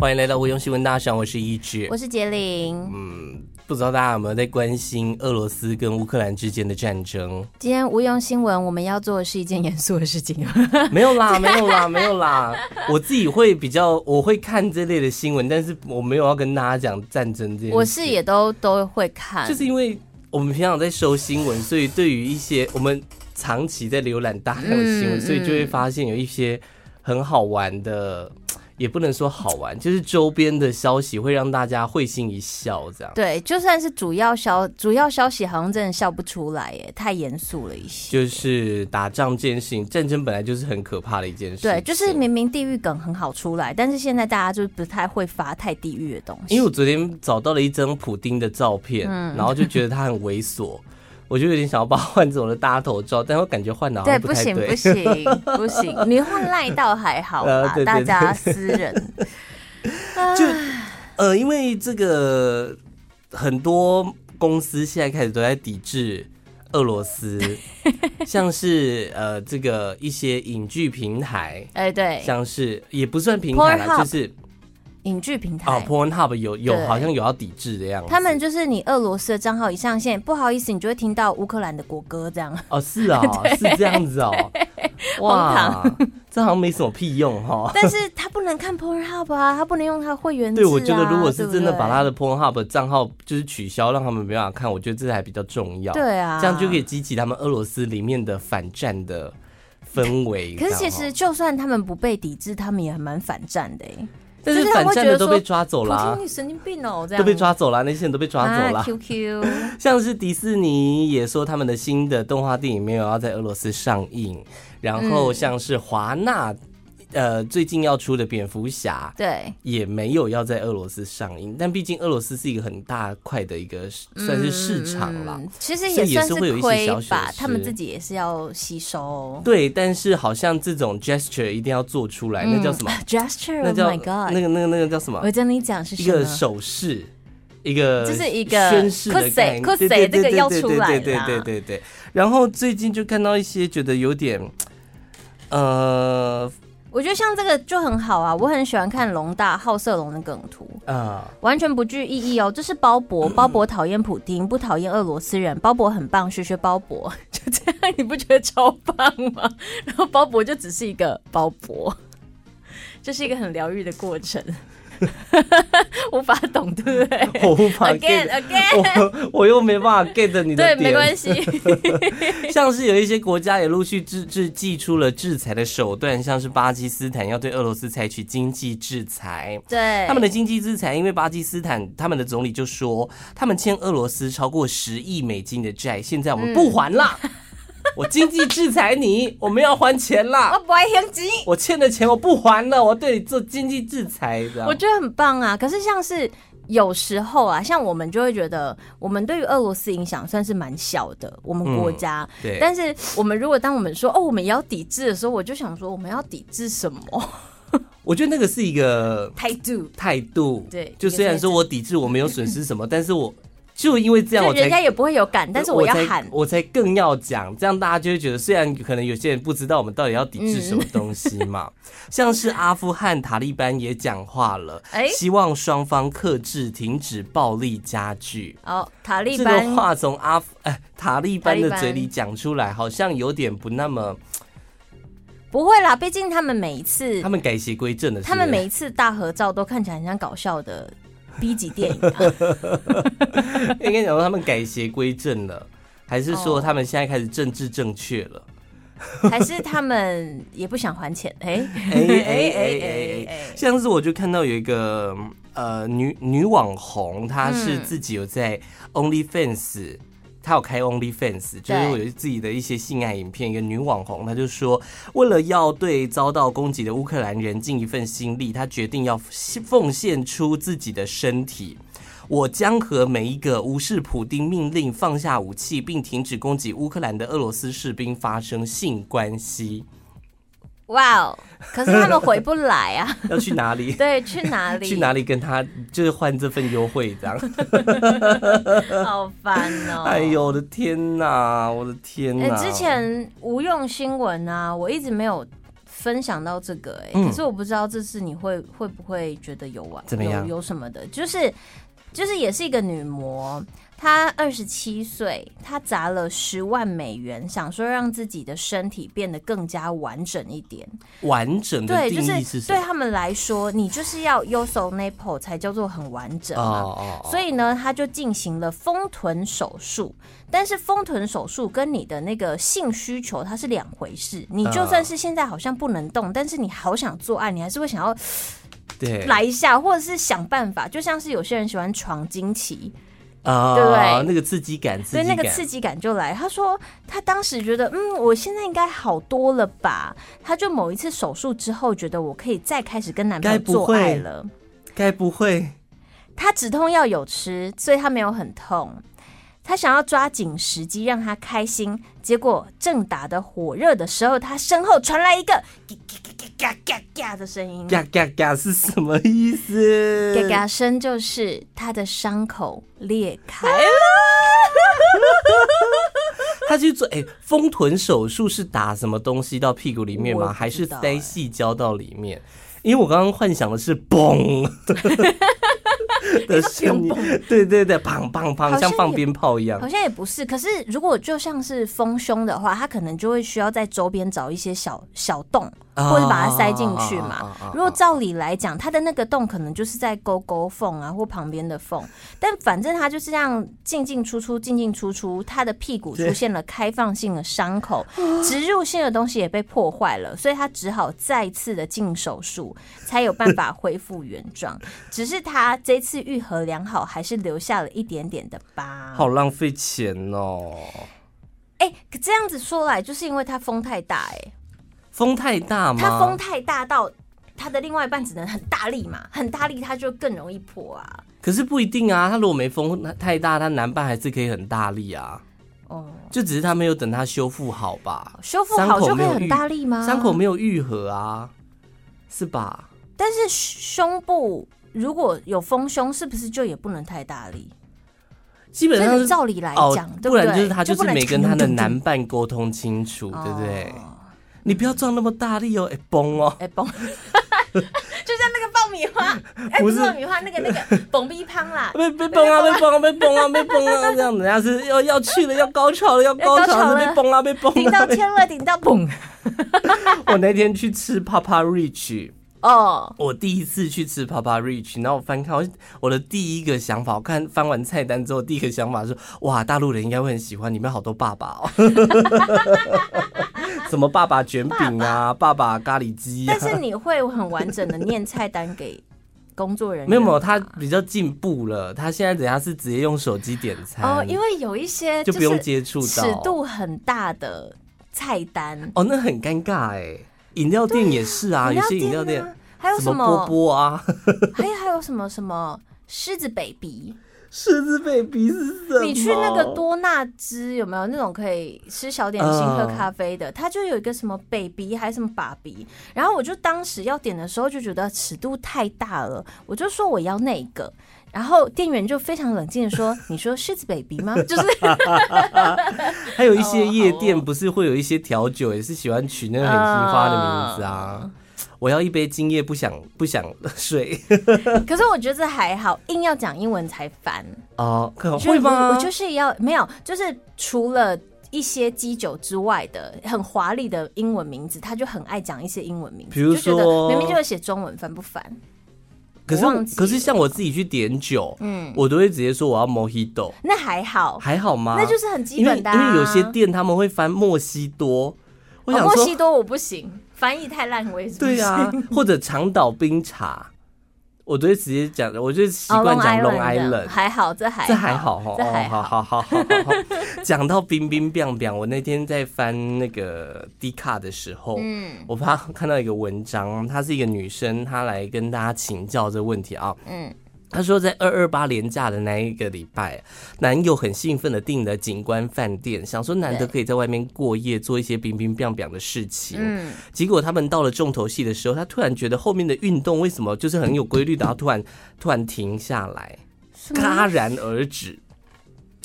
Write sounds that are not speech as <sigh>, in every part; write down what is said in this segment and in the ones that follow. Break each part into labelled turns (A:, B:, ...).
A: 歡迎來到無用新聞大賞，我是1誌，我是
B: 婕鈴。嗯，
A: 不知道大家有沒有在關心俄羅斯跟烏克蘭之間的戰爭？
B: 今天無用新聞我們要做的是一件嚴肅的事情。
A: 沒有啦，沒有啦，沒有啦。 <laughs> 我自己會比較，我會看這類的新聞，但是我沒有要跟大家講戰爭這些。我
B: 是也都都會看，就是因
A: 為我們平常在收新聞，所以對於一些我們長期在瀏覽大量的新聞、嗯，所以就會發現有一些很好玩的。也不能說好玩，就是周邊的消息會讓大家會心一笑，這樣。
B: 對，就算是主要消主要消息，好像真的笑不出來耶，太嚴肅了一些。
A: 就是打仗這件事情，戰爭本來就是很可怕的一件事情。對，就
B: 是明明地獄梗很好出來，但是現在大家就是不太會發太地獄的
A: 東西。因為我昨天找到了一張普丁的照片，嗯，然後就覺得他很猥瑣。 <laughs> 我就有點想要把換這種的搭頭照，但我感覺換的好不對。對，不行不
B: 行不行，你換賴到還好吧？ <laughs> 大家私人。
A: <laughs> 就，呃，因為這個很多公司現在開始都在抵制俄羅斯， <laughs> 像是呃這個一些影劇平台，哎、欸、對，像是也不算平台了，就是。
B: 影劇平台啊、哦、
A: PornHub 有有好像有要抵制的樣子。他們
B: 就是你俄羅斯的賬號一上線，不好意思，你就會聽到烏克蘭的國歌這樣。
A: 哦，是啊、喔，是這樣子哦、喔。
B: 哇，荒唐，
A: 這好像沒什麼屁用哈、喔。但是
B: 他不能看 PornHub 啊， <laughs> 他不能用他會員、啊。對，我覺得如果是真的把他的
A: PornHub 賬號就是取消，讓他們沒辦法看，我覺得這還比較重要。對啊，這樣就可以激起他們俄羅斯裡面的反戰的氛圍。可是其實
B: 就算他們不被抵制，他們也還蠻反戰的哎、欸。但是反戰的都被
A: 抓走啦，就說你
B: 神經病哦！都被抓
A: 走啦，那些人都被抓走啦。啊 QQ、 <laughs> 像是迪士尼也說他們的新的動畫電影沒有要在俄羅斯上映，然後像是華納、嗯。呃，最近要出的蝙蝠俠，對，也沒有要在俄羅斯上映。但畢竟俄羅斯是一個很大塊的一個算是市場了、嗯，其實也算是，也是會有一些小損失。他們自
B: 己也是要吸收、哦。對，
A: 但是好像這種 gesture 一定要做出來，嗯，那叫什麼 gesture？Oh my god 那，那個、那個、那個叫什麼？我跟
B: 你講，是一個
A: 手勢，一個就是一個宣誓的概念 kiss 這個要出來，對對對對。然後最近就看到一些覺得有點，呃。
B: 我覺得像這個就很好啊，我很喜歡看龍大好色龍的梗圖、uh... 完全不具意義哦。這是鮑勃，鮑勃討厭普丁，不討厭俄羅斯人，鮑勃很棒，學學鮑勃，就這樣，你不覺得超棒嗎？然後鮑勃就只是一個鮑勃，這 <laughs> 是一個很療癒的過程。 <laughs> 無法懂，對
A: 不對？我無法 get，again, again? 我，我又沒辦法 get 你的點。對，沒關係。像是有一些國家也陸續祭祭祭出了制裁的手段，像是巴基斯坦要對俄羅斯採取經濟制裁。對，他們的經濟制裁，因為巴基斯坦他們的總理就說，他們欠俄羅斯超過十億美金的債，現在我們不還了。嗯 <laughs> 我經濟制裁你，我們要還錢啦。我不愛聽機，我欠的錢我不還了，我對你做經濟制裁，知道嗎？我
B: 覺得很棒啊。可是像是有時候啊，像我們就會覺得，我們對於俄羅斯影響算是蠻小的，我們國家、嗯。對。但是我們如果當我們說哦，我們也要抵制的時候，我就想說，我們要抵制什麼？
A: <laughs> 我覺得那個是一個態度，態度。對。就雖然說我抵制，我沒有損失什麼， <laughs> 但是我。就因為這樣我才，我人家也
B: 不會有感，但是我要喊，我才,
A: 我才更要講，這樣大家就會覺得，雖然可能有些人不知道我們到底要抵制什麼東西嘛，嗯、 <laughs> 像是阿富汗塔利班也講話了，哎、欸，希望雙方克制，停止暴力加劇、哦。
B: 塔利班。的、這個、話
A: 從阿哎塔利班的嘴裡講出來，好像有點不那麼。
B: 不會啦，畢竟他們每一次，他們
A: 改邪歸正的，他們每一
B: 次大合照都看起來很像搞笑的。B 級電影，
A: <laughs> 應該講說他們改邪歸正了，還是說他們現在開始政治正確了、
B: 哦，還是他們也不想還錢？哎哎哎哎哎哎，上、欸、次、欸欸
A: 欸欸欸欸、我就看到有一個呃女女網紅，她是自己有在 OnlyFans、嗯。嗯他有開 OnlyFans，就是我有自己的一些性愛影片。一個女網紅，她就說，為了要對遭到攻擊的烏克蘭人盡一份心力，她決定要奉獻出自己的身體。我將和每一個無視普丁命令放下武器，並停止攻擊烏克蘭的俄羅斯士兵發生性關係。
B: 哇哦！可是他們回不來啊。 <laughs> 要
A: 去哪裡？ <laughs> 對，去哪裡？ <laughs> 去哪裡跟他就是換這份優惠這樣？
B: <laughs> <laughs> 好煩哦、喔！哎
A: 呦我的天吶我的天吶、欸、之前
B: 無用新聞啊，我一直沒有分享到這個、欸、哎、嗯，可是我不知道這次你會會不會覺得有玩？怎麼樣？有，有什麼的？就是就是也是一個女模。他二十七歲，他砸了十萬美元，想說讓自己的身體變得更加完整一點。
A: 完整的定義是什麼？對，就是對他
B: 們來說，你就是要擁有 apple 才叫做很完整嘛。Oh, oh, oh, oh, oh. 所以呢，他就進行了豐臀手術。但是豐臀手術跟你的那個性需求它是兩回事。你就算是現在好像不能動，oh, 但是你好想做愛，你還是會想要對來一下，或者是想辦法，就像是有些人喜歡闖驚奇。啊、哦，那個，對，那個
A: 刺激感，所以那個刺激
B: 感就來。他說，他當時覺得，嗯，我現在應該好多了吧？他就某一次手術之後，覺得我可以再開始跟男朋友做愛了。
A: 該不會？不
B: 會，他止痛藥有吃，所以他沒有很痛。他想要抓緊時機讓他開心，結果正打得火熱的時候，他身後傳來一個嘎嘎嘎嘎嘎嘎的聲音。嘎
A: 嘎嘎是什麼意思？
B: 嘎嘎聲就是他的傷口裂開。
A: <laughs> 他去做哎，豐、欸、臀手術是打什麼東西到屁股裡面嗎？欸、還是塞矽膠到裡面？因為我剛剛幻想的是嘣。 <laughs> 的對對對，砰砰砰，像放鞭炮一樣。好
B: 像也不是，可是如果就像是豐胸的話，它可能就會需要在周邊找一些小小洞。
A: 或者把它塞進去嘛、啊啊啊啊啊啊。如果
B: 照理來講，它的那個洞可能就是在勾勾縫啊，或旁邊的縫。但反正它就是這樣進進出出，進進出出，它的屁股出現了開放性的傷口，植入性的東西也被破壞了， <laughs> 所以它只好再次的進手術，才有辦法恢復原狀。只是它這次愈合良好，還是留下了一點點的疤。
A: 好浪費錢哦！
B: 哎、欸，可這樣子說來，就是因為它風太大哎、欸。
A: 風太大嗎？他風太
B: 大到他的另外一半只能很大力嘛，很大力他就更容易破啊。
A: 可是不一定啊，他如果沒風，那太大，他男伴還是可以很大力啊。哦，就只是他沒有等他修復好吧？修復好就可以很大力嗎？傷口沒有癒合啊，是吧？
B: 但是胸部如果有豐胸，是不是就也不能太大力？基本上是，哦，照理來講，不，哦，不然就是他就是沒跟他的男
A: 伴溝通清楚，哦，對不對？你不要撞那麼大力哦，哎崩哦，哎崩，就像那個爆
B: 米花，不是、欸、不是爆米花，那個那個爆米香啦，被，被，崩啊，被，
A: 崩啊，被，崩啊，被、啊，崩啊，啊，這樣子，人家是要要去了，要高潮了，要高潮了，被崩啊，被崩啊，頂到天了，頂到崩、啊。到 <laughs> 我那天去吃 Papa Rich，哦、oh.，我第一次去吃 Papa Rich，然後我翻看我的第一個想法，我看翻完菜單之後，第一個想法是，哇，大陸人應該會很喜歡，裡面好多爸爸哦。 <laughs> 什麼爸爸捲餅啊爸爸，爸爸咖喱雞、啊。但是你
B: 會很完整的念菜單給工作人員、啊。沒 <laughs> 有沒有，他
A: 比較進步了，他現在等下是直接用手機點菜哦。因
B: 為有一些就不用接觸到尺度很大的菜單哦，
A: 那很尷尬哎、欸。飲料店也是啊，啊有些飲料店
B: 還有什麼，什麼波波啊，還還有什麼什麼獅子 baby。獅子 baby 是什麼？你去那個多納茲有沒有那種可以吃小點心、喝咖啡的？Uh, 它就有一個什麼 baby 還是什麼 baby？然後我就當時要點的時候就覺得尺度太大了，我就說我要那個。然後店員就非常冷靜的說：“ <laughs> 你說獅子 baby 嗎？”就
A: 是。還有一些夜店不是會有一些調酒也是喜歡取那個很奇葩的名字啊。Uh, 我要一杯今夜，不想不想睡。
B: <laughs> 可是我覺得還好，硬要講英文才煩。
A: 哦、呃，會嗎？我就
B: 是要沒有，就是除了一些基酒之外的很華麗的英文名字，他就很愛講一些英文
A: 名字。比如說，就明明就要
B: 寫中文，煩不煩？
A: 可是可是像我自己去點酒，嗯，我都會直接說我要 Mojito。
B: 那還好，
A: 還好嗎？那就是
B: 很基本的、啊，因，因為有些店
A: 他們會翻莫西多。我想說，哦、莫西
B: 多我不行。翻譯太爛，我也是。對啊， <laughs>
A: 或者長島冰茶，我都直接講。我就習慣講 “Long Island”，還
B: 好這還這還
A: 好，這還好，哦還好，哦、好，好好好好好。講 <laughs> 到冰冰冰冰，我那天在翻那個 Dcard 的時候，嗯，我怕看到一個文章，她是一個女生，她來跟大家請教這個問題啊、哦，嗯。他說，在二二八連假的那一個禮拜，男友很興奮的訂了景觀飯店，想說難得可以在外面過夜，做一些冰冰冰表的事情。嗯，結果他們到了重頭戲的時候，他突然覺得後面的運動為什麼就是很有規律的，他突然 <coughs> 突然停下來，戛然而止。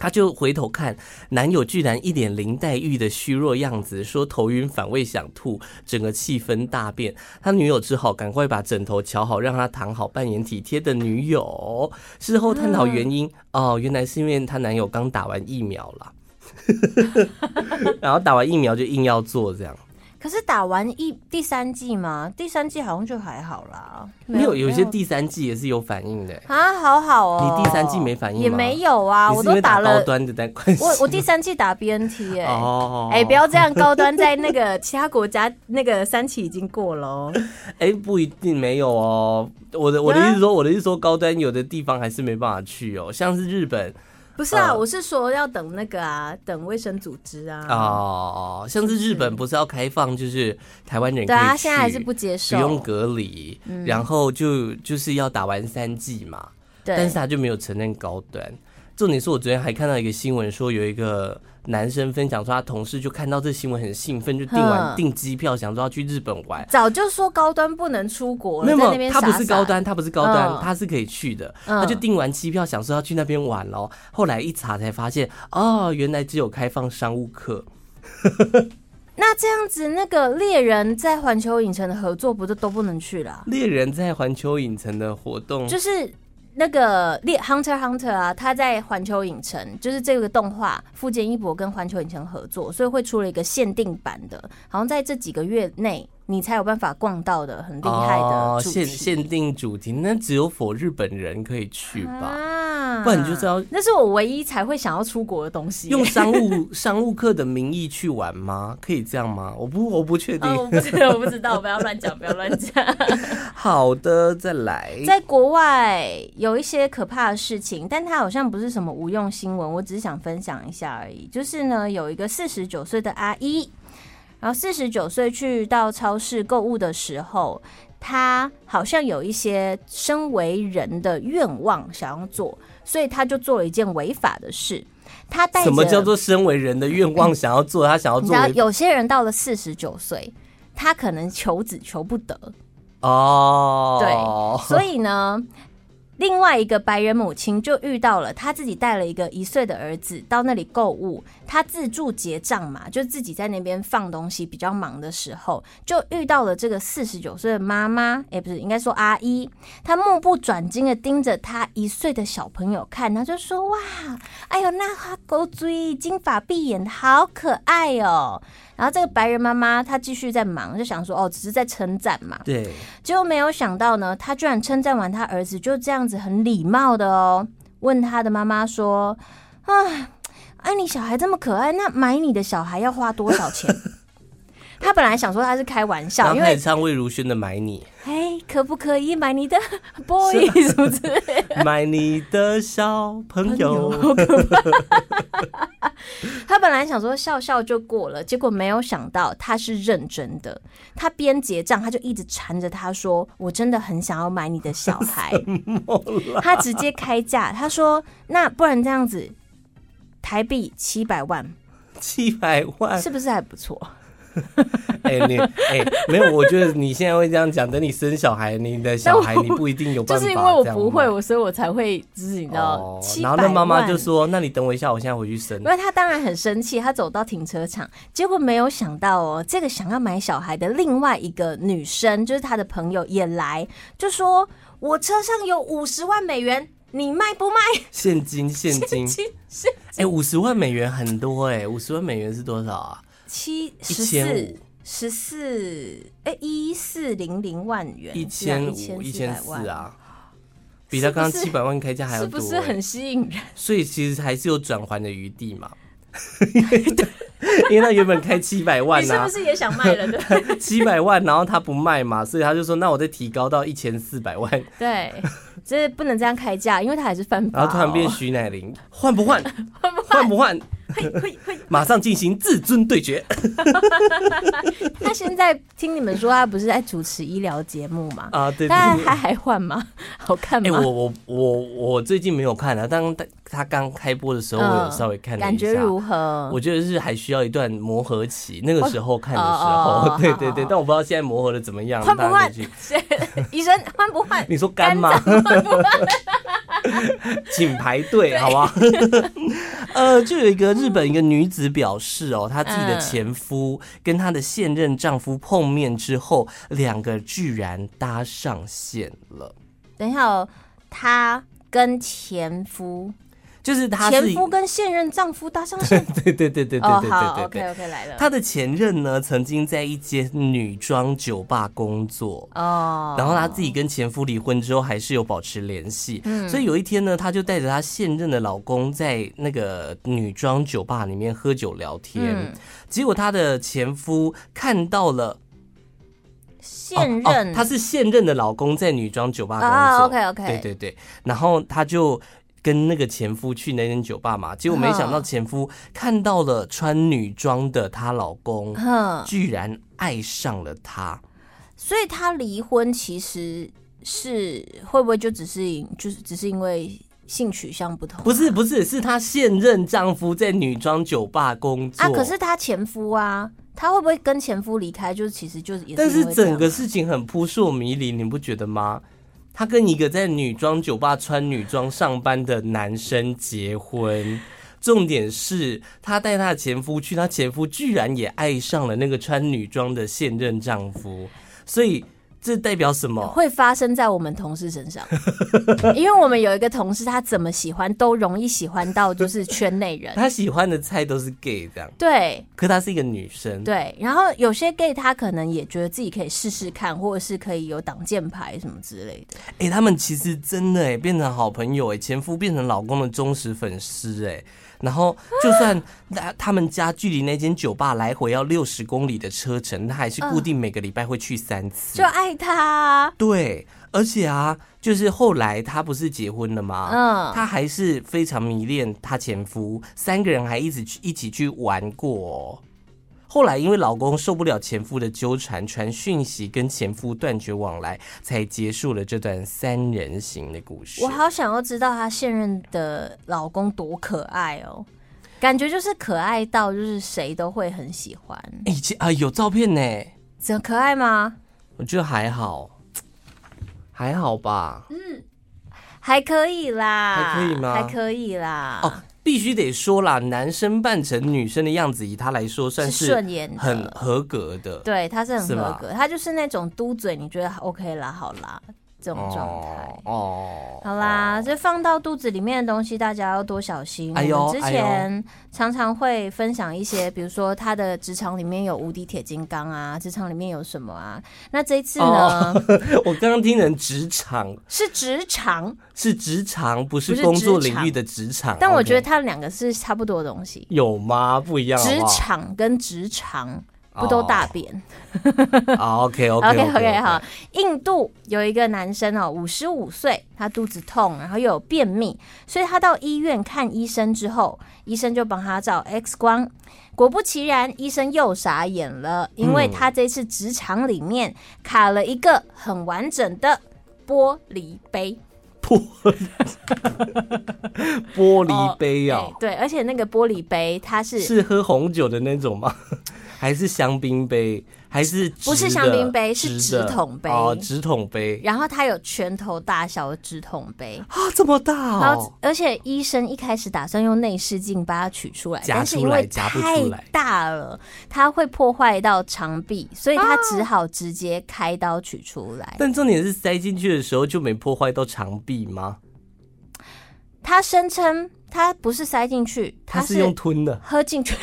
A: 他就回頭看男友，居然一臉林黛玉的虛弱樣子，說頭暈、反胃、想吐，整個氣氛大變。他女友只好趕快把枕頭瞧好，讓他躺好，扮演體貼的女友。事後探討原因，哦，原來是因為她男友剛打完疫苗啦， <laughs> 然後打完疫苗就硬要做這樣。
B: 可是打完一第三季嘛，第三季好像就還好啦。沒有，有，有些
A: 第三季也是有反應的
B: 啊，好好哦。你第三
A: 季沒反應？也沒
B: 有啊，我都打了高端
A: 的單。我我第
B: 三季打 BNT 哎，
A: 哎不要這樣高端，
B: 在那個其他國家那個三期已經過了
A: 哦。哎，不一定沒有哦。我的我的意思說，我的意思說高端有的地方還是沒辦法去哦，像是日本。
B: 不是啊、呃，我是說要等那個啊，等衛生組織啊。哦，
A: 像是日本不是要開放，就是台灣人對啊，現在還是不接受，不用隔離、嗯，然後就就是要打完三劑嘛。對，但是他就沒有承認高端。重點是我昨天還看到一個新聞，說有一個男生分享說他同事就看到這新聞很興奮，就訂完訂機票，想說要去日本玩，嗯。早
B: 就說高端不能出國了，了他不是高端，他不是高端，嗯，他
A: 是可以去的。他就訂完機票，想說要去那邊玩嘍。後來一查才發現，哦，原來只有開放商務客，
B: 那這樣子，那個獵人在環球影城的合作不是都不能去了？
A: 獵人在環球影城的活動就是。
B: 那個獵 Hunter Hunter 啊，他在環球影城，就是這個動畫富樫義博跟環球影城合作，所以會出了一個限定版的，好像在這幾個月內。你才有辦法逛到的很厲害的、哦、限
A: 限定主題，那只有否日本人可以去吧？
B: 啊、不然你就知道那是我唯一才會想要出國的東西、欸。用商務
A: <laughs> 商務客的名義去玩嗎？可以這樣嗎？我不，我不確定、哦我不。我不
B: 知道，我不知道， <laughs> 不要亂亂講，不要
A: 亂講。好的，再來。在
B: 國外有一些可怕的事情，但它好像不是什麼無用新聞。我只是想分享一下而已。就是呢，有一個四十九歲的阿姨。然後四十九歲去到超市購物的時候，他好像有一些身為人的願望想要做，所以他就做了一件違法的事。他帶什麼叫做
A: 身為人的願望想要做？他想要做。 <laughs> 有
B: 些人到了四十九歲，他可能求子求不得
A: 哦。Oh. 對，所以
B: 呢。另外一個白人母親就遇到了，她自己帶了一個一歲的兒子到那裡購物，她自助結賬嘛，就自己在那邊放東西，比較忙的時候，就遇到了這個四十九歲的媽媽，也、欸、不是，應該說阿姨，她目不轉睛的盯着她一歲的小朋友看，她就說：“哇，哎呦，那花狗嘴金髮碧眼的好可愛哦、喔。”然後這個白人媽媽她繼續在忙，就想說：“哦，只是在稱讚嘛。”對。結果沒有想到呢，她居然稱讚完她兒子就這樣。樣子很禮貌的哦，問他的媽媽說：“啊，哎，你小孩這麼可愛，那買你的小孩要花多少錢？” <laughs> 他本來想說他是開玩笑的，因為
A: 唱魏如萱的《買你》
B: 欸。哎，可不可以買你的 boy 什麼之 <laughs> 類
A: 買你的小朋友、朋友。
B: <laughs> <laughs> 他本來想說笑笑就過了，結果沒有想到他是認真的。他邊結賬，他就一直纏着他說：“我真的很想要買你的小孩。”他直接開價，他說：“那不然這樣子，台幣七百萬，七百萬是不是還不錯？”哎、 <laughs> 欸，你、欸、哎，沒有，我
A: 覺得你現在會這樣講，等你生小孩，你的小孩你不一定有辦法。就是因為我不
B: 會，我所以我才會知道、哦。然後那媽媽就說：“
A: 那你等我一下，我現在回去生。”因為
B: 他當然很生氣，他走到停車場，結果沒有想到哦、喔，這個想要買小孩的另外一個女生，就是他的朋友也來，就說：“我車上有五十萬美元，你賣不賣？
A: 現金，現金，
B: 現
A: 金。哎，五、欸、十萬美元很多哎、欸，五十萬美元是多少啊？”七千
B: 五十四，哎，一四零零萬元，一千五，一千四
A: 啊，是是比他剛剛七百萬開價還要多，欸，是不是很吸引人？所以其實還是有轉圜的餘地嘛，因 <laughs> 為對，因為他原本開七百萬，啊， <laughs> 你是不是也想賣了？七百 <laughs> 萬，然後他不賣嘛，所以他就說：“那我再提高到一千四百萬。 <laughs> ”
B: 對，就是不能這樣開價，因為他還是翻倍。然後突然變
A: 徐乃麟，
B: 換不換？換 <laughs> 不換？換不換？
A: 馬上進行至尊對決
B: <laughs> 他現在聽你們說，他不是在主持醫療節目嘛？啊，對，對，對，那還還換嗎？
A: 好看嗎？欸、我我我我最近沒有看啊。當他他剛開播的時候，我有稍微看了一下、呃，感覺如何？我覺得是還需要一段磨合期。那個時候看的時候，哦對，對，對，哦哦、對對對，但我不知道現在磨合的怎麼樣，換不換？
B: 醫生換不換？
A: 你說幹嗎？換不換 <laughs> 請排隊，好嗎 <laughs> 呃，就有一個。日本一個女子表示：“哦，她自己的前夫跟她的現任丈夫碰面之後，兩個居然搭上線了。嗯嗯
B: 嗯嗯嗯”等一下，哦，她跟前夫。就是她前夫跟現任丈夫搭上
A: 對對對對對對對對對、對。他的前任呢，曾經在一間女裝酒吧工作
B: 哦，然後他
A: 自己跟前夫離婚之後還是有保持聯繫，所以有一天呢，他就帶着他現任的老公在那個女裝酒吧裡面喝酒聊天，結果他的前夫看到了現任，他是現任的老公在女裝酒吧工作，OK OK，對對對、對，然後他就。跟那個前夫去那間酒吧嘛，結果沒想到前夫看到了穿女裝的她老公，居然愛上了她，
B: 所以她離婚其實是會不會就只是，就是只是因為性取向不同。啊？不
A: 是不是，是她現任丈夫在女裝酒吧工作啊，可是
B: 她前夫啊，她會不會跟前夫離開？就是其實就也是。啊，但是整
A: 個事情很撲朔迷離，你不覺得嗎？她跟一個在女裝酒吧穿女裝上班的男生結婚，重點是她帶她的前夫去，她前夫居然也愛上了那個穿女裝的現任丈夫，所以。這代表什麼？
B: 會發生在我們同事身上， <laughs> 因為我們有一個同事，他怎麼喜歡都容易喜歡到就是圈內人。他喜
A: 歡的菜都是 gay 這樣。對，可他是一個女生。對，
B: 然後有些 gay 他可能也覺得自己可以試試看，或者是可以有擋箭牌什麼之類的。哎、
A: 欸，他們其實真的哎、欸，變成好朋友哎、欸，前夫變成老公的忠實粉絲哎、欸。然後，就算他他們家距離那間酒吧來回要六十公里的車程，他還是固定每個禮拜會去三次。就
B: 愛他。
A: 對，而且啊，就是後來他不是結婚了嘛，嗯，他還是非常迷戀他前夫，三個人還一起去，一起去玩過。後來，因為老公受不了前夫的糾纏，傳訊息跟前夫斷絕往來，才結束了這段三人行的故事。我
B: 好想要知道她現任的老公多可愛哦，感覺就是可愛到就是誰都會很喜歡。
A: 哎、欸，前啊、呃、有照片呢、欸？這可愛嗎？我覺得還好，還好吧。嗯，
B: 還可以啦。還可以嗎？還可以啦。
A: 哦。必須得說啦，男生扮成女生的樣子，以他來說算是很合格的。對，他是很合格，他
B: 就是那種嘟嘴，你覺得 OK 啦，好啦。這種
A: 狀態哦，
B: 哦，好啦，這、哦、放到肚子裡面的東西，大家要多小心。我、哎、之前常常會分享一些，哎、比如說他的職場裡面有無敵鐵金剛啊，職場裡面有什麼啊？那這一次呢？哦、
A: 我剛剛聽成職場
B: 是職場
A: 是職場，不是工作領域的職場。但我覺得他
B: 兩個是差不多的東西，
A: 有嗎？不一樣好不好，職場
B: 跟職場。不都大便
A: oh, <laughs> oh, okay, okay,？OK OK OK OK，好，
B: 印度有一個男生哦，五十五歲，他肚子痛，然後又有便秘，所以他到醫院看醫生之後，醫生就幫他照 X 光，果不其然，醫生又傻眼了，因為他這次直腸裡面卡了一個很完整的玻璃杯。嗯
A: <laughs> 玻璃杯啊，
B: 對，而且那個玻璃杯，它是是喝
A: 紅酒的那種嗎？還是香檳杯？還是不是香檳杯，是直筒杯。哦、直筒杯，然
B: 後它有拳頭大小的直筒杯啊，這麼大哦然後！而且醫生一開始打算用內視鏡把它取出來，夾出來，但是因為太大了，它會破壞到腸壁，所以他只好直接開刀取
A: 出來啊。但重點是塞進去的時候就沒破壞到腸壁嗎？
B: 他聲稱他不是塞進去，他是，是用吞的，喝進去。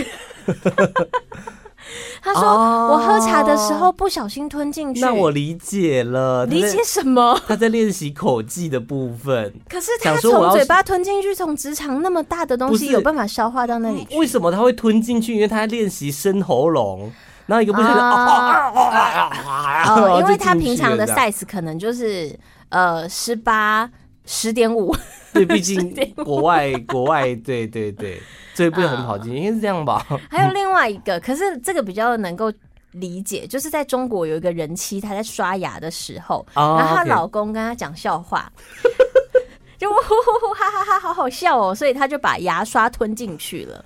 B: 他
A: 說：“我喝茶的時
B: 候不小心吞進去。哦”那我理
A: 解了，理解什麼？他在練習口技的部分。可是他從嘴巴
B: 吞進去，從直腸那麼大的東西有辦法消化到那裡？
A: 為什麼他會吞進去？因為他在練習深喉嚨，然後一個不小心、呃哦、啊、啊、啊、啊、呃、因為他平常的 size
B: 可能就是呃十八。18, 十點五，
A: 對，畢竟國外 <laughs> 國外，對對對，這也不是什麼好經驗，應該是這樣吧。還
B: 有另外一個，可是這個比較能夠理解， <laughs> 就是在中國有一個人妻，她在刷牙的時候，oh, okay. 然後她老公跟她講笑話， <laughs> 就呼呼呼哈哈哈，好好笑哦，所以她就把牙刷吞進去了。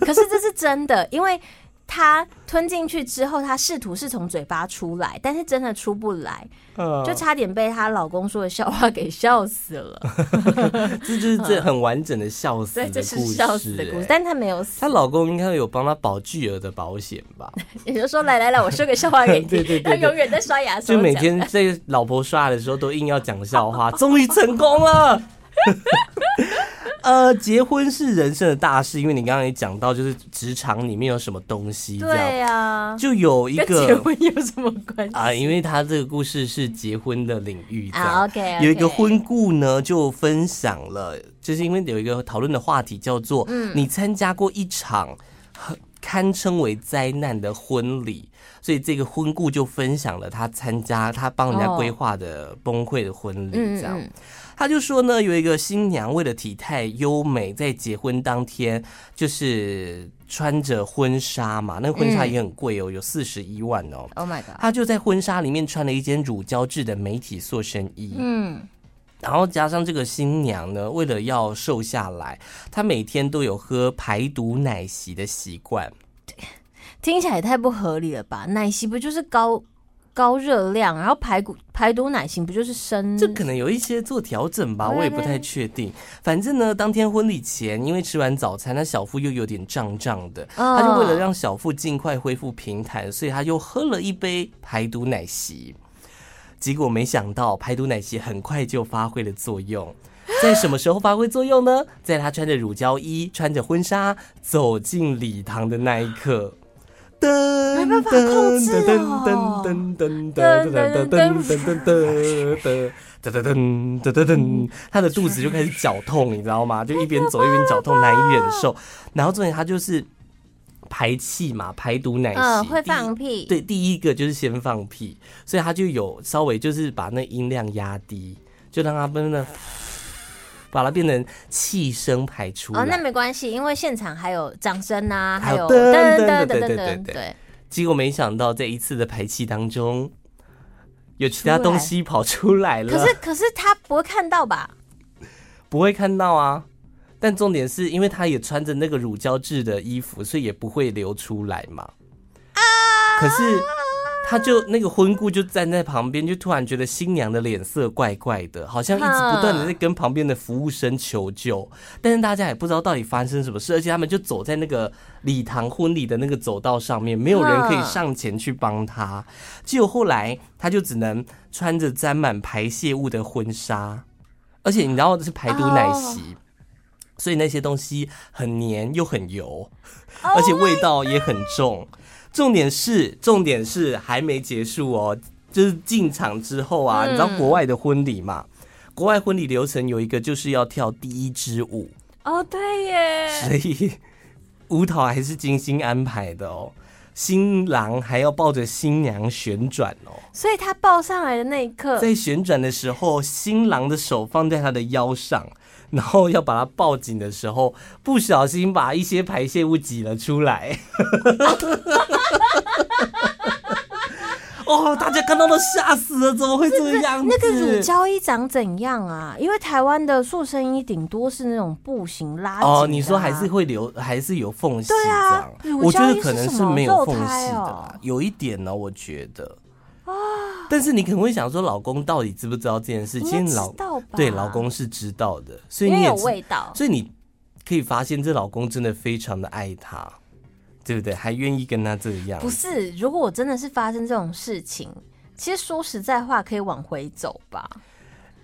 B: 可是這是真的，因為。她吞進去之後，她試圖是從嘴巴出來，但是真的出不來、呃，就差點被她老公說的笑話給笑死了。
A: <laughs> 這就是這很完整的笑死的故、呃、對這是笑死的故事。欸、
B: 但她沒有死。她
A: 老公應該有幫他保巨額的保險吧？ <laughs>
B: 你就說來來來，我說個笑話給你。你 <laughs> 對,對,對,對 <laughs> 他永遠在刷牙，就每天
A: 在老婆刷牙的時候都硬要講笑話，終、啊、於、啊、成功了。啊啊啊啊啊啊 <laughs> 呃，結婚是人生的大事，因為你剛剛也講到，就是職場裡面有什麼東西，這樣，對
B: 呀、啊，就
A: 有一個跟結
B: 婚有什麼關係？
A: 啊、呃？因為他這個故事是結婚的領域的、啊 okay,
B: okay，有一個婚
A: 故呢，就分享了，就是因為有一個討論的話題叫做，嗯，你參加過一場很堪稱為災難的婚禮、嗯，所以這個婚故就分享了他參加他幫人家規劃的崩潰的婚禮，這樣。哦嗯嗯嗯。他就說呢，有一個新娘為了體態優美，在結婚當天就是穿着婚紗嘛，那婚紗也很貴哦，嗯、有四十一萬哦。Oh my God！她就在婚紗裡面穿了一件乳膠制的美體塑身衣。嗯，然後加上這個新娘呢，為了要瘦下來，她每天都有喝排毒奶昔的習慣。
B: 聽起來也太不合理了吧？奶昔不就是高？高熱量，然後排骨排毒奶昔不就是生？
A: 這可能有一些做調整吧，我也不太確定。反正呢，當天婚禮前，因為吃完早餐，那小腹又有點脹脹的，哦、他就為了讓小腹盡快恢復平坦，所以他又喝了一杯排毒奶昔。結果沒想到，排毒奶昔很快就發揮了作用。在什麼時候發揮作用呢？在他穿着乳膠衣、穿着婚紗走進禮堂的那一刻。 <noise> 噔噔噔噔噔噔噔噔噔噔噔噔噔噔噔噔噔噔他的肚子就開始絞痛，你知道嗎？就一邊走一邊絞痛，難以忍受。然後重點，他就是排氣嘛，排毒奶昔、呃。會
B: 放屁。對，
A: 第一個就是先放屁，所以他就有稍微就是把那音量壓低，就讓他們那。把它變成氣聲排出啊、哦，那
B: 沒關係，因為現場還有掌聲啊，還有噔噔噔噔噔噔,噔,噔對對對，
A: 對。結果沒想到在一次的排氣當中，有其他東西跑出來了。來可是
B: 可是他不會看到吧？
A: 不會看到啊！但重點是因為他也穿着那個乳膠製的衣服，所以也不會流出來嘛。啊！可是。他就那個婚顧，就站在旁邊，就突然覺得新娘的臉色怪怪的,好像一直不斷的在跟旁邊的服務生求救，但是大家也不知道到底發生什麼事，而且他們就走在那個禮堂婚禮的那個走道上面，沒有人可以上前去幫他，結果後來他就只能穿着沾滿排泄物的婚紗，而且你知道這是排毒奶昔，所以那些東西很黏又很油，而且味道也很重。重點是，重點是還沒結束哦。就是進場之後啊，嗯，你知道國外的婚禮嘛？國外婚禮流程有一個，就是要跳第一支舞
B: 哦。對耶，所以
A: 舞蹈還是精心安排的哦。新郎還要抱着新娘旋轉哦，
B: 所以他抱上來的那一刻，在
A: 旋轉的時候，新郎的手放在他的腰上。然後要把它抱緊的時候，不小心把一些排泄物擠了出來。 <laughs> <laughs> 哦，大家看到都嚇死了，怎麼會這樣子，這個？那個乳膠
B: 衣長怎樣啊？因為台灣的塑身衣頂多是那種布型拉、啊。哦，你說還是
A: 會留，還是有縫隙的？對啊，乳膠衣，我覺得可能是沒有。縫隙的、哦、有一點呢、哦，我覺得。啊！但是你可能會想說，老公到底知不知道這件事情？其實老對，老公是知道的，所以你也有味道。所以你可以發現，這老公真的非常的愛她，對不對？還願意跟她這樣。不
B: 是，如果我真的是發生這種事情，其實說實在話，可以往回走吧。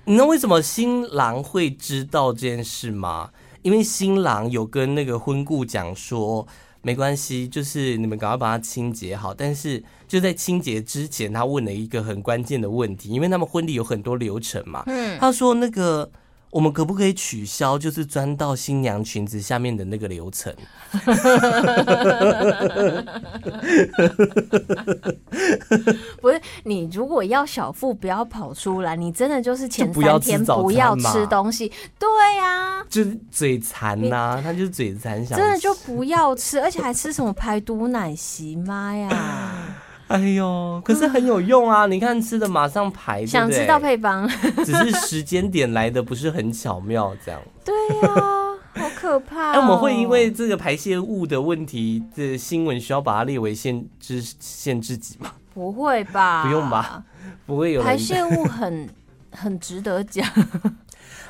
B: 你
A: 知道為什麼新郎會知道這件事嗎？因為新郎有跟那個婚顧講說，沒關係，就是你們趕快把它清潔好。但是。就在清潔之前，他問了一個很關鍵的問題，因為他們婚禮有很多流程嘛。嗯，他說：“那個，我們可不可以取消，就是鑽到新娘裙子下面的那個流程？”
B: <laughs> <laughs> 不是，你如果要小腹，不要跑出來，你真的就是前三天不要吃東西。對呀、啊，
A: 就是嘴饞吶、啊欸，他就是嘴饞，想真的
B: 就不要吃，而且還吃什麼排毒奶昔、啊？媽呀！
A: 哎呦，可是很有用啊！嗯、你看吃的馬上排便，想知道配
B: 方，對對 <laughs> 只是
A: 時間點來的不是很巧妙，這樣。對
B: 呀、啊，好可怕、哦。那、啊、我們會因為這
A: 個排泄物的問題的、這個、新聞，需要把它列為限制限制級嗎？
B: 不會吧？不用吧？
A: 不會有排泄物
B: 很 <laughs> 很值得講，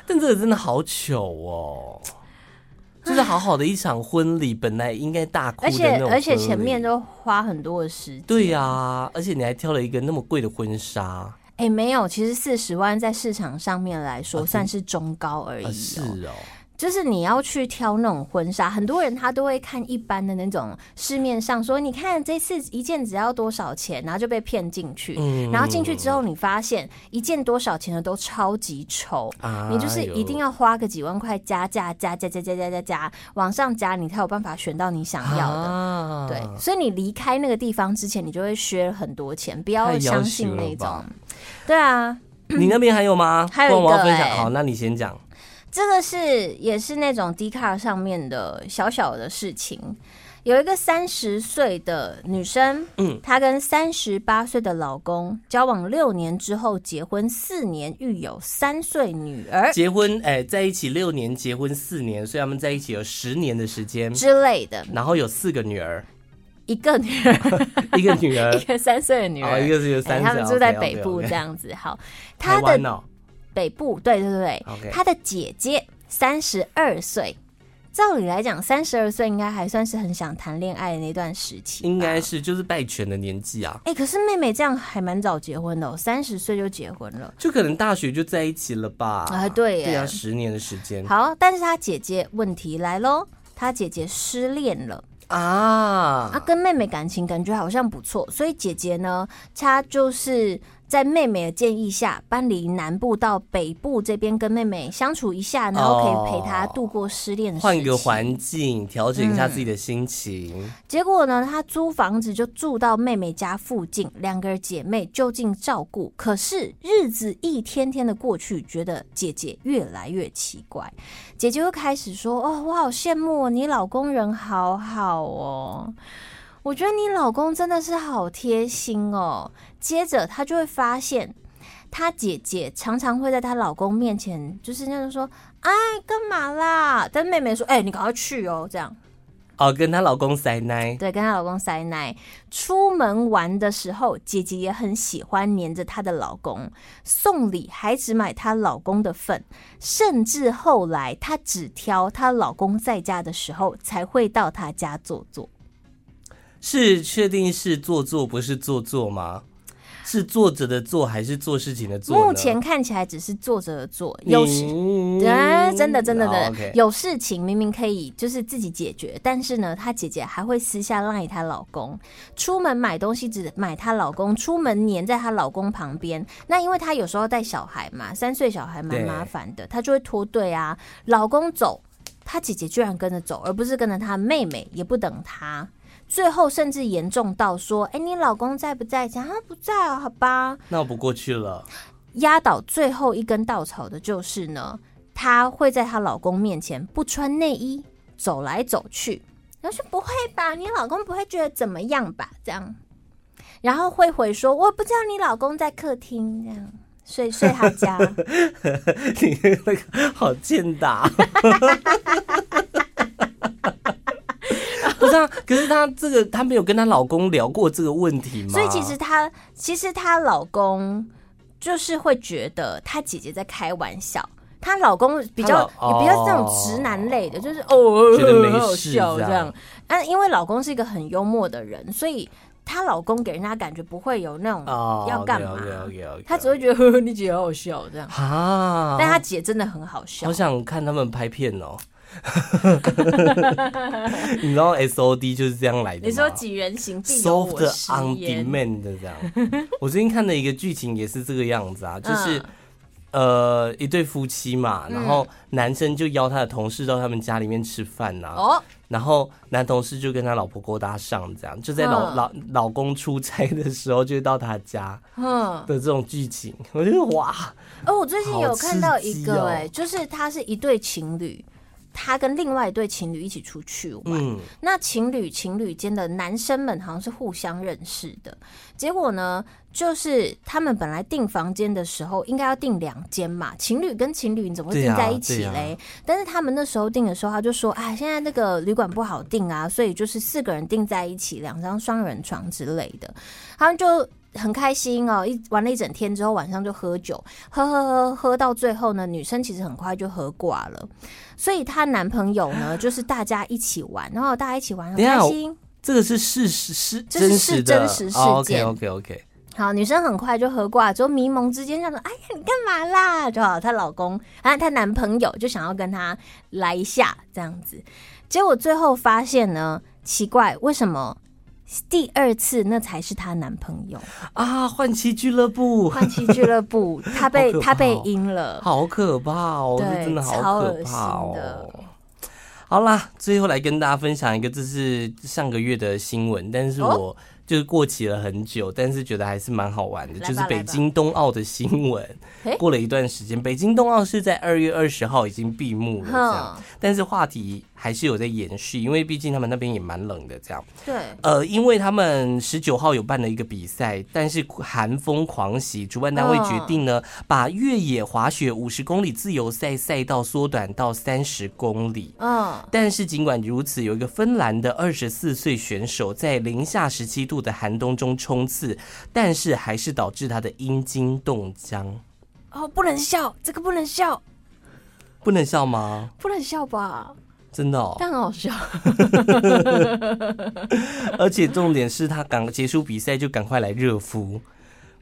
A: 但這個真的好糗哦。 <laughs> 就是好好的一場婚禮，本來應該大哭的那種，而且而且前面
B: 都花很多的時間。對
A: 呀、啊，而且你還挑了一個那麼貴的婚紗。哎、
B: 欸，沒有，其實四十萬在市場上面來說算是中高而已、喔啊嗯啊。是哦。就是你要去挑那種婚紗，很多人他都會看一般的那種市面上說，你看這次一件只要多少錢，然後就被騙進去，然後進去之後你發現一件多少錢的都超級醜、嗯，你就是一定要花個幾萬塊加價加加加加加加加往上加，你才有辦法選到你想要的。對，所以你離開那個地方之前，你就會削很多錢，不要相信那種。對啊， <laughs> 你那邊還
A: 有嗎？還有、欸、要我要分享，好，那你先講。
B: 這個是也是那種 d 卡上面的小小的事情，有一個三十歲的女生，嗯，她跟三十八歲的老公交往六年之後結婚四年育有三歲女兒，結
A: 婚哎、欸、在一起六年，結婚四年，所以他們在一起有十年的時間之
B: 類的，然
A: 後有四個女兒，
B: 一個女
A: 兒， <laughs> 一個女兒， <laughs> 一個
B: 三歲的女兒，哦、一個是有三歲，他們住在北部這樣子，okay, okay, okay, 哦、樣子好，他的。北部，對對對對，他、okay. 的姐姐三十二歲，照理來講，三十二歲應該還算是很想談戀愛的那段時
A: 期，應該是就是敗犬的年紀啊。哎、
B: 欸，可是妹妹這樣還蠻早結婚的哦，三十歲就結婚了，
A: 就可能大學就在一起了吧？啊，對，對啊，十年的時間。好，
B: 但是他姐姐問題來嘍，他姐姐失戀
A: 了啊，啊，
B: 跟妹妹感情感覺好像不錯，所以姐姐呢，她就是。在妹妹的建議下，搬離南部到北部這邊跟妹妹相處一下，然後可以陪她度過失戀的時期。哦，換個
A: 環境，調整一下自己的心情。嗯、
B: 結果呢，她租房子就住到妹妹家附近，兩個姐妹就近照顧。可是日子一天天的過去，覺得姐姐越來越奇怪。姐姐又開始說：“哦，我好羨慕你老公，人好好哦。”我覺得你老公真的是好貼心哦。接着，她就會發現，她姐姐常常會在她老公面前，就是那種說：“哎，幹嘛啦？”但妹妹說：“哎，你趕快去哦。”這樣
A: 哦，跟她老公塞奶，對，
B: 跟她老公塞奶。出門玩的時候，姐姐也很喜歡黏着她的老公。送禮還只買她老公的份，甚至後來她只挑她老公在家的時候才會到她家坐坐。
A: 是確定是做作，不是做作嗎？是做着的做還是做事情的做？目前
B: 看起來只是做着的做，有事、嗯，真的真的真的、哦 okay，有事情明明可以就是自己解決，但是呢，她姐姐還會私下賴她老公，出門買東西只買她老公，出門黏在她老公旁邊。那因為她有時候帶小孩嘛，三歲小孩蠻麻煩的，她就會拖隊啊，老公走，她姐姐居然跟着走，而不是跟着她妹妹，也不等她。最後甚至嚴重到說：“哎、欸，你老公在不在家？講、啊、他不在啊，好吧。”
A: 那我不過去了。
B: 壓倒最後一根稻草的就是呢，她會在她老公面前不穿內衣走來走去。然後說：“不會吧，你老公不會覺得怎麼樣吧？”這樣，然後會回說：“我不知道你老公在客廳這
A: 樣，睡。睡他家。 <laughs> ”你那個好健打。 <laughs> <laughs> <laughs> 可 <laughs> 是、啊，她，可是她這個她沒有跟她老公聊過這個問題嗎？所以其實
B: 她其實她老公就是會覺得她姐姐在開玩笑。她老公比較也比較這種直男類的，哦、就是哦，覺得沒有笑這樣。啊，因為老公是一個很幽默的人，所以她老公給人家感覺不會有那種要幹嘛，她、哦 okay,
A: okay, okay, okay.
B: 只會覺得呵呵，你姐好好笑這樣。
A: 啊，但她
B: 姐真的很好笑，好
A: 想看他們拍片哦。 <laughs> 你知道 S O D 就是這樣來的。你說
B: 幾人行？Soft on demand
A: 的 <laughs> 這樣。我最近看的一個劇情也是這個樣子啊，就是、嗯、呃一對夫妻嘛，然後男生就邀他的同事到他們家裡面吃飯吶、啊。哦、嗯。然後男同事就跟他老婆勾搭上，這樣就在老、嗯、老老公出差的時候就到他家。哼，的這種劇情，我覺、就、得、是、哇。
B: 哦，哦，我最近有看到一個哎、欸，就是他是一對情侶。他跟另外一對情侶一起出去玩，嗯、那情侶情侶間的男生們好像是互相認識的。結果呢，就是他們本來訂房間的時候應該要訂兩間嘛，情侶跟情侶怎麼會訂在一起嘞、嗯？但是他們那時候訂的時候，他就說：“哎，現在那個旅館不好訂啊，所以就是四個人訂在一起，兩張雙人床之類的。”他們就。很開心哦，一玩了一整天之後，晚上就喝酒，喝喝喝，喝到最後呢，女生其實很快就喝掛了。所以她男朋友呢，就是大家一起玩，然後、 <coughs> 哦、大家一起玩很開心。
A: 這個是事實，事這是真實的，真實事件。哦、okay, OK OK
B: 好，女生很快就喝掛，之後迷蒙之間就說：“哎呀，你幹嘛啦？”就好，她老公啊，她男朋友就想要跟她來一下這樣子，結果最後發現呢，奇怪，為什麼？第二次那才是她男朋友
A: 啊！換妻俱樂部，換 <laughs> 妻俱
B: 樂部，她被她被陰了，
A: 好可怕、哦！對，真的好可怕哦。好啦，最後來跟大家分享一個，這是上個月的新聞，但是我、哦、就是過期了很久，但是覺得還是蠻好玩的、哦，就是北京冬奧的新聞。 <laughs> 過了一段時間，北京冬奧是在二月二十號已經閉幕了這樣，但是話題。還是有在延續，因為畢竟他們那邊也蠻冷的，這樣。對。呃，因為他們十九號有辦了一個比賽，但是寒風狂襲，主辦單位決定呢，哦、把越野滑雪五十公里自由賽賽道縮短到三十公里。嗯、哦。但是儘管如此，有一個芬蘭的二十四歲選手在零下十七度的寒冬中衝刺，但是還是導致他的陰莖凍僵。
B: 哦，不能笑，這個不能笑。
A: 不能笑嗎？
B: 不能笑吧。真的哦，但很好笑，
A: <laughs> <laughs> 而且重點是他趕快結束比賽，就趕快來熱敷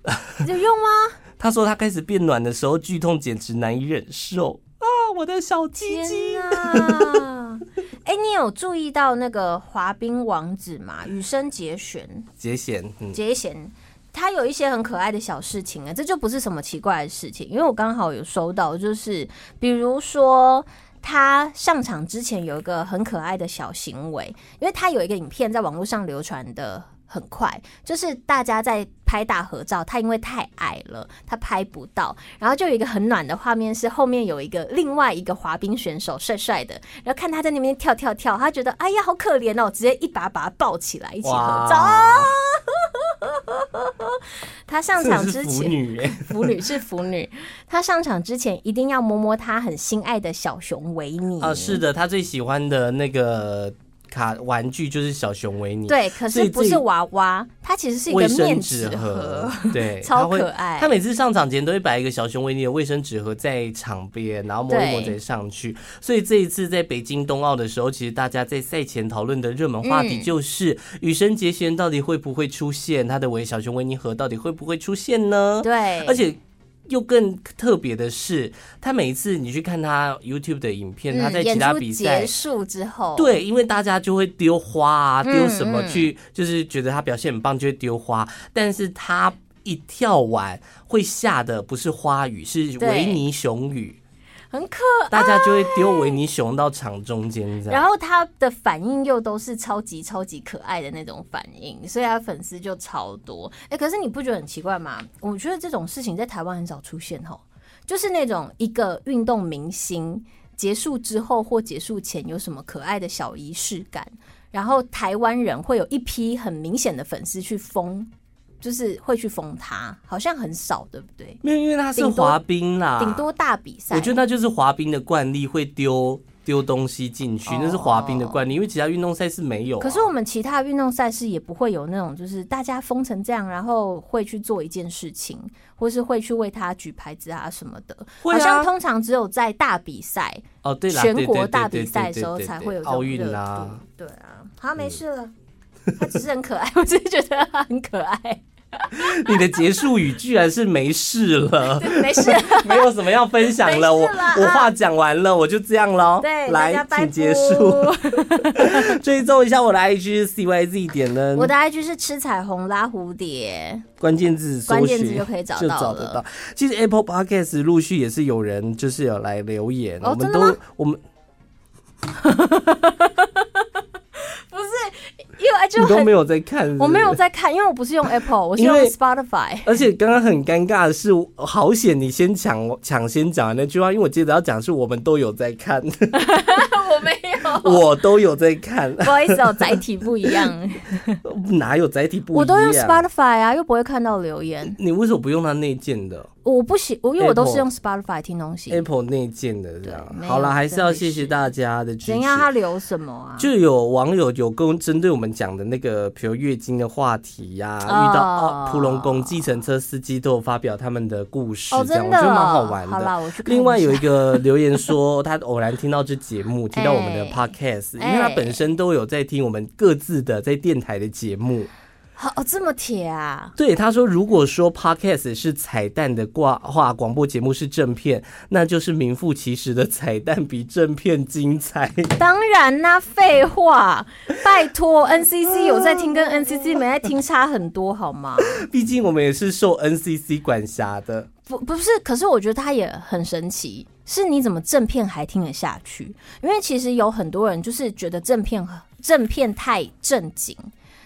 A: <laughs> ，
B: 有用嗎？
A: 他說他開始變暖的時候劇痛簡直難以忍受
B: 啊！我的小雞雞啊！哎、欸，你有注意到那個滑冰王子嗎？羽生結弦，
A: 結弦，
B: 結、嗯、弦。他有一些很可愛的小事情啊，這就不是什麼奇怪的事情，因為我剛好有收到，就是比如說。他上場之前有一個很可愛的小行為，因為他有一個影片在網絡上流傳的。很快，就是大家在拍大合照，他因為太矮了，他拍不到。然後就有一個很暖的畫面，是後面有一個另外一個滑冰選手，帥帥的。然後看他在那邊跳跳跳，他覺得哎呀好可憐哦，直接一把把他抱起來一起合照。 <laughs> 他上場之前，腐女， <laughs> 腐女是腐女。他上場之前一定要摸摸他很心愛的小熊維尼啊，是的，
A: 他最喜歡的那個。卡玩具就是小熊維尼，對，可是不是
B: 娃娃，它其實是一個衛生紙盒，
A: 對，超可愛。他每次上場前都會擺一個小熊維尼的衛生紙盒在場邊，然後摸一摸再上去。所以這一次在北京冬奧的時候，其實大家在賽前討論的熱門話題就是羽、嗯、生結弦到底會不會出現，他的維小熊維尼盒到底會不會出現呢？對，而且。又更特別的是，他每一次你去看他 YouTube 的影片，嗯、他在其他比賽結束
B: 之後，對，因
A: 為大家就會丟花、啊，丟、嗯、什麼去，就是覺得他表現很棒，就會丟花、嗯。但是他一跳完，會下的不是花雨，是維尼熊雨。
B: 很可愛，大家就會
A: 丟維尼熊到場中間，然
B: 後他的反應又都是超級超級可愛的那種反應，所以他粉絲就超多。誒，可是你不覺得很奇怪嗎？我覺得這種事情在台灣很少出現，吼，就是那種一個運動明星結束之後或結束前有什麼可愛的小儀式感，然後台灣人會有一批很明顯的粉絲去瘋。就是會去封他，好像很少，對不對？
A: 沒有，因為他是滑冰啦，頂多
B: 大比賽、欸。我覺得那
A: 就是滑冰的慣例，會丟丟東西進去、哦，那是滑冰的慣例。因為其他運動賽事沒有、啊。可
B: 是我們其他運動賽事也不會有那種，就是大家封成這樣，然後會去做一件事情，或是會去為他舉牌子啊什麼的。啊，好像通常只有在大比賽哦，對啦，全國大比賽的時候才會有奧運啦對。對啊，好，啊，像沒事了。他只是很可愛， <laughs> 我只是覺得他很可愛。
A: <laughs> 你的結束語居然是沒事了？沒事， <laughs> 沒有什麼要分享了，了我我話講完了、啊，我就這樣嘍。對，來，拜請結束。 <laughs> 追蹤一下我的 IG CYZ 點 N？我
B: 的 IG 是吃彩虹拉蝴蝶，
A: 關鍵字，關鍵字就可以找到了。其實 Apple Podcast 陸續也是有人就是有來留言，哦、我們都我們。 <laughs> 你都沒有在看是不是？我沒有在
B: 看，因為我不是用 Apple，我是用 Spotify。而
A: 且剛剛很尷尬的是，好險你先搶搶先講的那句話，因為我記得要講是我們都有在看， <laughs> 我沒有，我都有在看。不好意思、
B: 喔，哦，載體不一
A: 樣， <laughs> 哪有載體不一樣？我都用
B: Spotify 啊，又不會看到留言。
A: 你為什麼不用它內建的？
B: 我不行，我因為我都是用 Spotify 聽東西。
A: Apple 內建的這樣。好了，還是要謝謝大家的支持。人家
B: 他留什麼啊？
A: 就有網友有跟針對我們。講的那個比如月經的話題呀、啊，oh, 遇到啊屠龍公計程車司機都有發表他們的故事，這樣、oh, 我覺得蠻好玩的。另外有一個留言說， <laughs> 他偶然聽到這節目，聽到我們的 podcast， <laughs> 因為他本身都有在聽我們各自的在電台的節目。 <laughs> 欸
B: 哦，這麼鐵啊！
A: 對，他說：“如果說 Podcast 是彩蛋的話，廣播節目是正片，那就是名副其實的彩蛋比正片精彩。”
B: 當然啦、啊，廢話， <laughs> 拜託，NCC 有在聽，跟 NCC 沒在聽差很多好嗎？
A: <laughs> 畢竟我們也是受 NCC 管轄的。
B: 不，不是，可是我覺得他也很神奇。是你怎麼正片還聽得下去？因為其實有很多人就是覺得正片正片太正經。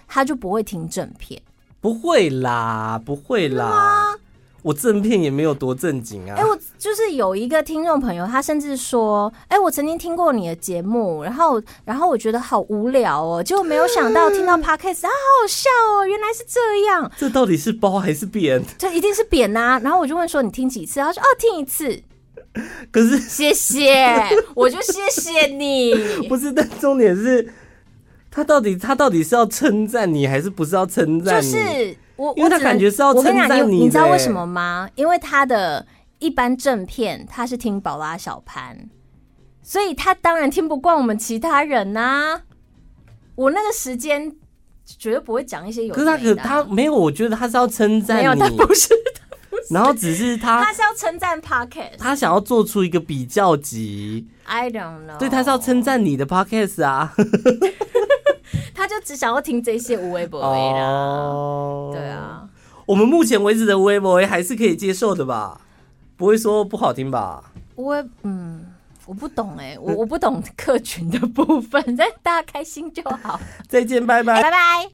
B: 他就不會聽正片，
A: 不會啦，不會啦。我正片也沒有多正經啊。哎、欸，我
B: 就是有一個聽眾朋友，他甚至說：“哎、欸，我曾經聽過你的節目，然後，然後我覺得好無聊哦、喔，結果沒有想到聽到 podcast， <laughs> 啊，好，好笑哦、喔，原來是這樣。
A: 這到底是包還是扁？
B: 這一定是扁吶、啊。然後我就問說：你聽幾次？他說：哦，聽一次。
A: 可是謝
B: 謝， <laughs> 我就謝
A: 謝你。不是，但重點是。他到底他到底是要稱讚你還是不是要稱讚你？就是我，
B: 我，因為他感覺是要稱讚你，你，你，你知道為什麼嗎？因為他的一般正片他是聽寶拉小潘，所以他當然聽不慣我們其他人啊。我那個時間絕對不會講一些有、啊，可是他可他
A: 沒有，我覺得他是要稱讚你，沒有他不，是他不是。然後只是他， <laughs> 他
B: 是要稱讚 podcast，他
A: 想要做出一個比較級。
B: I don't know，對，他
A: 是要稱讚你的 podcast 啊。 <laughs>
B: 他就只想要聽這些無微不微
A: 啦，對啊、oh。我們目前為止的無微不微還是可以接受的吧？不會說不好聽吧？
B: 我嗯，我不懂哎、欸，我 <laughs> 我不懂客群的部分，但大家開心就好。 <laughs> 再見，拜拜，欸、拜拜。